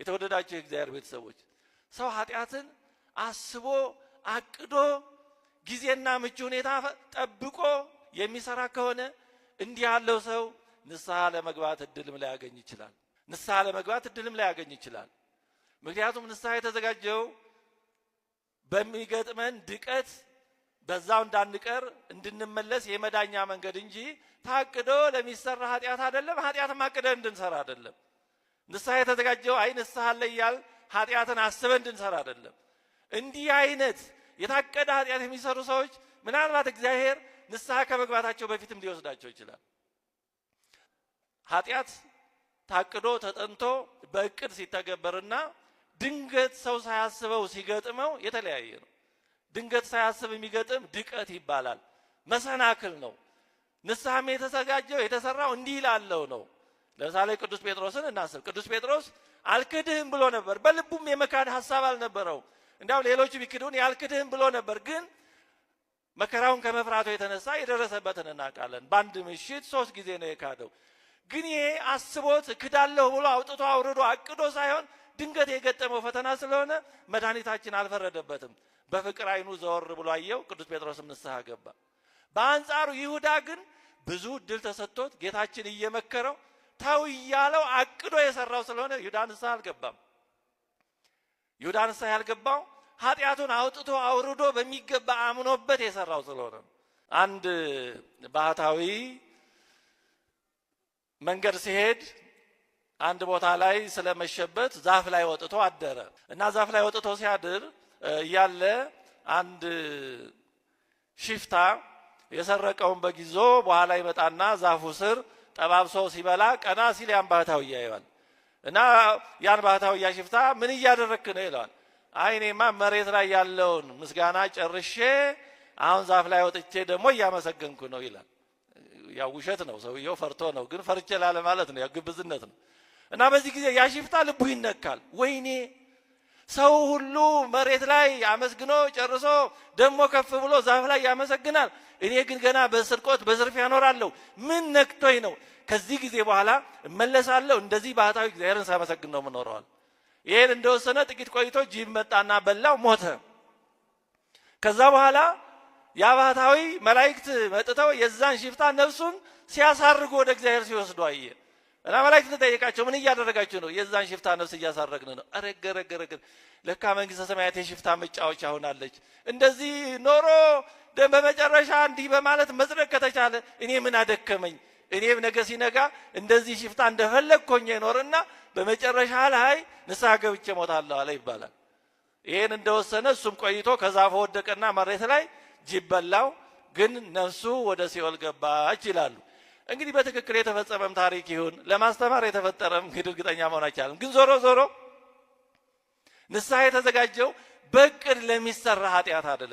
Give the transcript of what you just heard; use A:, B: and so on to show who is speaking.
A: የተወደዳቸው የእግዚአብሔር ቤተሰቦች ሰው ኃጢአትን አስቦ አቅዶ ጊዜና ምቹ ሁኔታ ጠብቆ የሚሰራ ከሆነ እንዲህ ያለው ሰው ንስሐ ለመግባት እድልም ላያገኝ ይችላል። ንስሐ ለመግባት እድልም ላያገኝ ይችላል። ምክንያቱም ንስሐ የተዘጋጀው በሚገጥመን ድቀት በዛው እንዳንቀር እንድንመለስ የመዳኛ መንገድ እንጂ ታቅዶ ለሚሰራ ኃጢአት አይደለም። ኃጢአትም አቅደን እንድንሰራ አይደለም። ንስሐ የተዘጋጀው አይ ንስሐ አለ እያል ኃጢአትን አስበን እንድንሰራ አይደለም። እንዲህ አይነት የታቀደ ኃጢአት የሚሰሩ ሰዎች ምናልባት እግዚአብሔር ንስሐ ከመግባታቸው በፊትም ሊወስዳቸው ይችላል። ኃጢአት ታቅዶ ተጠንቶ በእቅድ ሲተገበርና ድንገት ሰው ሳያስበው ሲገጥመው የተለያየ ነው። ድንገት ሳያስብ የሚገጥም ድቀት ይባላል፣ መሰናክል ነው። ንስሐም የተዘጋጀው የተሰራው እንዲህ ላለው ነው። ለምሳሌ ቅዱስ ጴጥሮስን እናስብ። ቅዱስ ጴጥሮስ አልክድህም ብሎ ነበር። በልቡም የመካድ ሀሳብ አልነበረው። እንዲያውም ሌሎቹ ቢክዱን ያልክድህም ብሎ ነበር። ግን መከራውን ከመፍራቱ የተነሳ የደረሰበትን እናውቃለን። በአንድ ምሽት ሶስት ጊዜ ነው የካደው። ግን ይሄ አስቦት ክዳለሁ ብሎ አውጥቶ አውርዶ አቅዶ ሳይሆን ድንገት የገጠመው ፈተና ስለሆነ መድኃኒታችን አልፈረደበትም። በፍቅር አይኑ ዘወር ብሎ አየው። ቅዱስ ጴጥሮስም ንስሐ ገባ። በአንጻሩ ይሁዳ ግን ብዙ እድል ተሰጥቶት ጌታችን እየመከረው ተው እያለው አቅዶ የሰራው ስለሆነ ይሁዳ ንስሐ አልገባም። ይሁዳ ንስሐ ያልገባው ኃጢአቱን አውጥቶ አውርዶ በሚገባ አምኖበት የሰራው ስለሆነ አንድ ባህታዊ መንገድ ሲሄድ አንድ ቦታ ላይ ስለመሸበት ዛፍ ላይ ወጥቶ አደረ እና ዛፍ ላይ ወጥቶ ሲያድር እያለ አንድ ሽፍታ የሰረቀውን በጊዞ በኋላ ይመጣና ዛፉ ስር ጠባብሶ ሲበላ ቀና ሲል ያን ባህታውያ ያየዋል እና ያን ባህታውያ ሽፍታ ምን እያደረክ ነው ይለዋል። አይ እኔማ መሬት ላይ ያለውን ምስጋና ጨርሼ አሁን ዛፍ ላይ ወጥቼ ደግሞ እያመሰገንኩ ነው ይላል። ያ ውሸት ነው፣ ሰውየው ፈርቶ ነው። ግን ፈርቼ ላለ ማለት ነው፣ ያው ግብዝነት ነው። እና በዚህ ጊዜ ያ ሽፍታ ልቡ ይነካል። ወይኔ ሰው ሁሉ መሬት ላይ አመስግኖ ጨርሶ ደግሞ ከፍ ብሎ ዛፍ ላይ ያመሰግናል። እኔ ግን ገና በስርቆት በዝርፊያ እኖራለሁ። ምን ነክቶኝ ነው? ከዚህ ጊዜ በኋላ እመለሳለሁ፣ እንደዚህ ባህታዊ እግዚአብሔርን ሳመሰግን ነው ምኖረዋል። ይሄን እንደወሰነ ጥቂት ቆይቶ ጅብ መጣና በላው፣ ሞተ። ከዛ በኋላ ያ ባህታዊ መላእክት መጥተው የዛን ሽፍታ ነፍሱን ሲያሳርጉ ወደ እግዚአብሔር ሲወስዱ አየ እና መላእክት ተጠየቃቸው፣ ምን እያደረጋችሁ ነው? የዛን ሽፍታ ነፍስ እያሳረግን ነው። አረገረገረግ ለካ መንግስተ ሰማያት የሽፍታ መጫወቻ ሆናለች። እንደዚህ ኖሮ በመጨረሻ እንዲህ በማለት መጽደቅ ከተቻለ እኔ ምን አደከመኝ? እኔም ነገ ሲነጋ እንደዚህ ሽፍታ እንደፈለግ ኮኜ ይኖርና በመጨረሻ ላይ ንስሐ ገብቼ ሞታለሁ አለ ይባላል። ይህን እንደወሰነ እሱም ቆይቶ ከዛፉ ወደቀና መሬት ላይ ጅብ በላው፣ ግን ነፍሱ ወደ ሲኦል ገባች ይላሉ። እንግዲህ በትክክል የተፈጸመም ታሪክ ይሁን ለማስተማር የተፈጠረም እንግዲህ እርግጠኛ መሆን አይቻልም። ግን ዞሮ ዞሮ ንስሐ የተዘጋጀው በእቅድ ለሚሰራ ኃጢአት አይደለም።